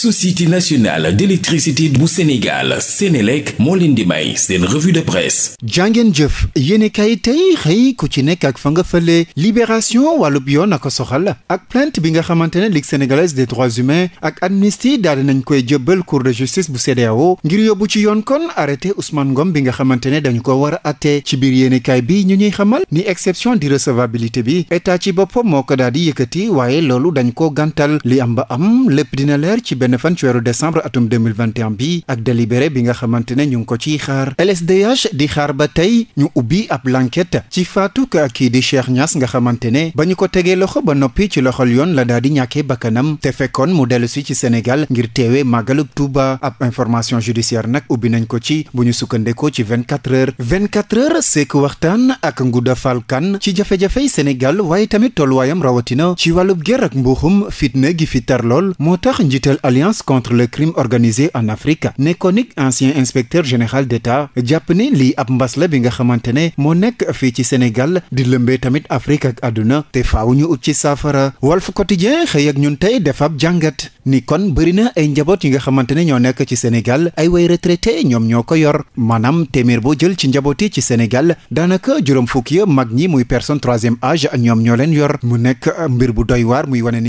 société nationale d'électricité bu Sénégal Sénélec moo leen di may seen revue de presse jàngeen jëf yéene kay tey xëy ku ci nekk ak fa nga fële libération wàllub yoon a ako soxal ak plainte bi nga xamante ne Ligue sénégalaise des droits humains ak Amnesty daal nañ koy jëbbal cour de justice bu CEDEAO ngir yóbbu ci yoon kon arrêté Ousmane Ngom bi nga xamante ne dañu ko war a ci biir yéene kaay bi ñu ñuy xamal ni exception d'irrecevabilité bi état ci boppam moo ko daal di yëkkati waaye loolu dañ ko gàntal li am ba am lépp dina benn fan ci atum bi ak délibéré bi nga xamante ne ñu ngi ko ciy xaar LSDH di xaar ba tey ñu ubbi ab l'enquête ci faatuk kii di Cheikh Niass nga xamante ne ba ñu ko tegee loxo ba noppi ci loxol yoon la daal di ñàkkee bakkanam te fekkoon mu dellu si ci Sénégal ngir teewee màggalub Touba ab information judiciaire nag ubbi nañ ko ci bu ñu sukkandekoo ci 24 heures 24 heures seek waxtaan ak Ngouda Fall Kane ci jafe-jafey Sénégal waaye tamit tolluwaayam rawatina ci wàllub ger ak mbuuxum fitna gi fi lool résilience contre le crime organisé en Afrique nekkoon it ancien inspecteur général d'État jàpp ni lii ab mbas la bi nga xamante ne moo nekk fii ci Sénégal di lëmbee tamit Afrique ak adduna te faaw ñu ut ci saafara Walf Quotidien xëy ak ñun tey def ab jàngat ni kon bëri na ay njaboot yi nga xamante ne ñoo nekk ci Sénégal ay way retraité ñoom ñoo ko yor maanaam téeméer boo jël ci njaboot yi ci Sénégal daanaka juróom fukk ya mag ñi muy personne troisième âge ñoom ñoo leen yor mu nekk mbir bu doy waar muy wane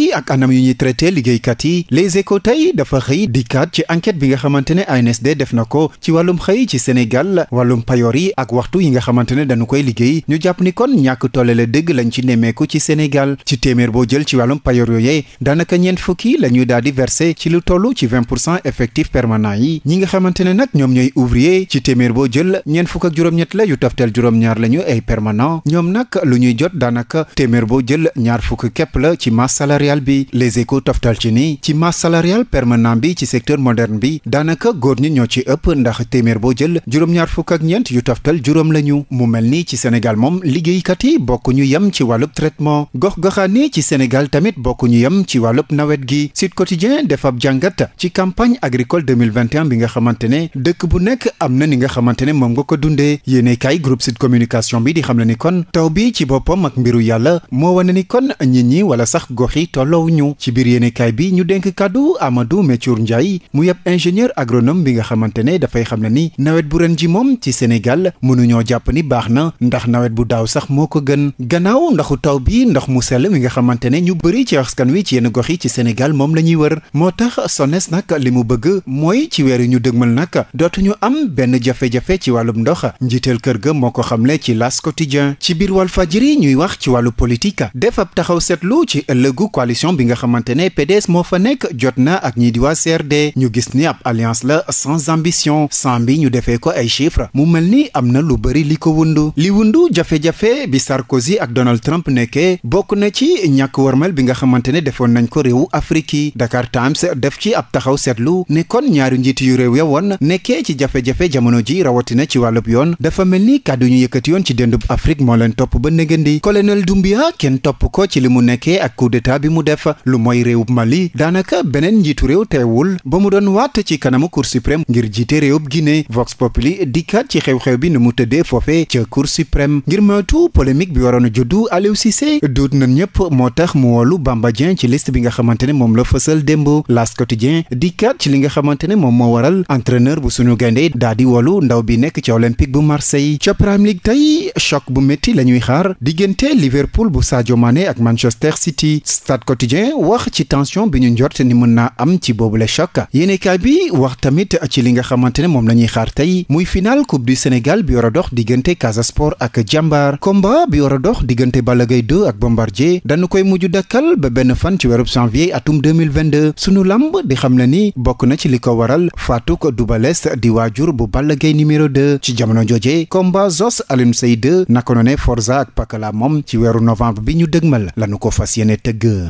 bi ak anam yu ñuy traité liggéeykat yi les échos tey dafa xëy dikkaat ci enquête bi nga xamante ne ANSD def na ko ci wàllum xëy ci Sénégal wàllum payoor yi ak waxtu yi nga xamante ne dañu koy liggéey ñu jàpp ni kon ñàkk tollale dëgg lañ ci nemmeeku ci Sénégal ci téeméer boo jël ci wàllum payoor yooyee daanaka ñeent fukki la ñuy daal di versé ci lu toll ci 20 pour cent effectif permanent yi ñi nga xamante ne nag ñoom ñooy ouvrier ci téeméer boo jël ñeent fukk ak juróom-ñett la yu taftal juróom-ñaar la ñu ay permanent ñoom nag lu ñuy jot daanaka téeméer boo jël ñaar salarial bi les échos toftal ci ni ci masse salariale permanent bi ci secteur moderne bi daanaka góor ñi ñoo ci ëpp ndax téeméer boo jël juróom-ñaar fukk ak ñeent yu toftal juróom lañu mu mel ni ci Sénégal moom liggéeykat yi bokk ñu yem ci wàllub traitement gox-goxaan yi ci Sénégal tamit bokku ñu yem ci wàllub nawet gi Sud Quotidien defab jàngat ci campagne agricole 2021 bi nga xamante ne dëkk bu nekk am na ni nga xamante ne moom nga ko dundee yéene kay groupe Sud Communication bi di xam ne ni kon taw bi ci boppam ak mbiru yàlla moo wane yi tollowuñu ci biir yéenekaay bi ñu dénk kàddu amadu Métiour Ndiaye mu yepp ingénieur agronome bi nga xamante ne dafay xam ne ni nawet bu ren ji moom ci Sénégal mënuñoo jàpp ni baax na ndax nawet bu daaw sax moo ko gën gannaaw ndaxu taw bi ndox mu sell mi nga xamante ne ñu bëri ci askan wi ci yenn gox yi ci Sénégal moom la ñuy wër moo tax SONES nag li mu bëgg mooy ci weer yi ñu dëgmal nag dootuñu am benn jafe-jafe ci wàllum ndox njiiteel kër ga moo ko xamle ci L'As Quotidien ci biir Walfadjri ñuy wax ci wàllu politique def ab taxaw seetlu ci ëllëgu coalition bi nga xamante ne PDS moo fa nekk jot na ak ñii di waa ñu gis ni ab alliance la sans ambition sans bi ñu defee ko ay chiffres mu mel ni am na lu bari li ko wundu li wundu jafe-jafe bi Sarkozy ak Donald Trump nekkee bokk na ci ñàkk warmal bi nga xamante ne defoon nañ ko réew Afrique yi Dakar Times def ci ab taxaw seetlu ne kon ñaari njiit yu réew ya woon nekkee ci jafe-jafe jamono ji rawatina ci wàllub yoon dafa mel ni kàddu ñu yëkkati yoon ci dendub Afrique mu def lu mooy réewub Mali daanaka beneen njiitu réew teewul ba mu doon waat ci kanamu Cour suprême ngir jiite réewub Guinée Vox Populi dikkaat ci xew-xew bi nu mu tëddee foofe ca Cour suprême ngir moytu polémique bi waroon a juddu Aliou Cissé duut na ñëpp moo tax mu woolu Bamba ci list bi nga xamante ne moom la fësal démb L'As Quotidien dikkaat ci li nga xamante ne moom moo waral entraîneur bu suñu gaynde daa di woolu ndaw bi nekk ci Olympique bu Marseille ca Premier League tey choc bu métti la ñuy xaar diggante Liverpool bu Sadio stade quotidien wax ci tension bi ñu njorte ni mën naa am ci boobu boobule choc yéenekaay bi wax tamit ci li nga xamante ne moom la ñuy xaar tey muy final coupe du Sénégal bi war a dox diggante Casa Sport ak jàmbaar combat bi war a dox diggante Balla Gaye 2 ak Bombardier dañu koy mujj dakkal ba benn fan ci weeru janvier atum 2022 sunu lamb di xam ne ni bokk na ci li ko waral ko faatuk dubales di waajur bu Balla Gaye numéro 2 ci jamono jooje combat Zos Alioune Seye 2 naka noone Forza ak Pakala moom ci weeru novembre bi ñu dëgmal lanu ko fas yéene tëgg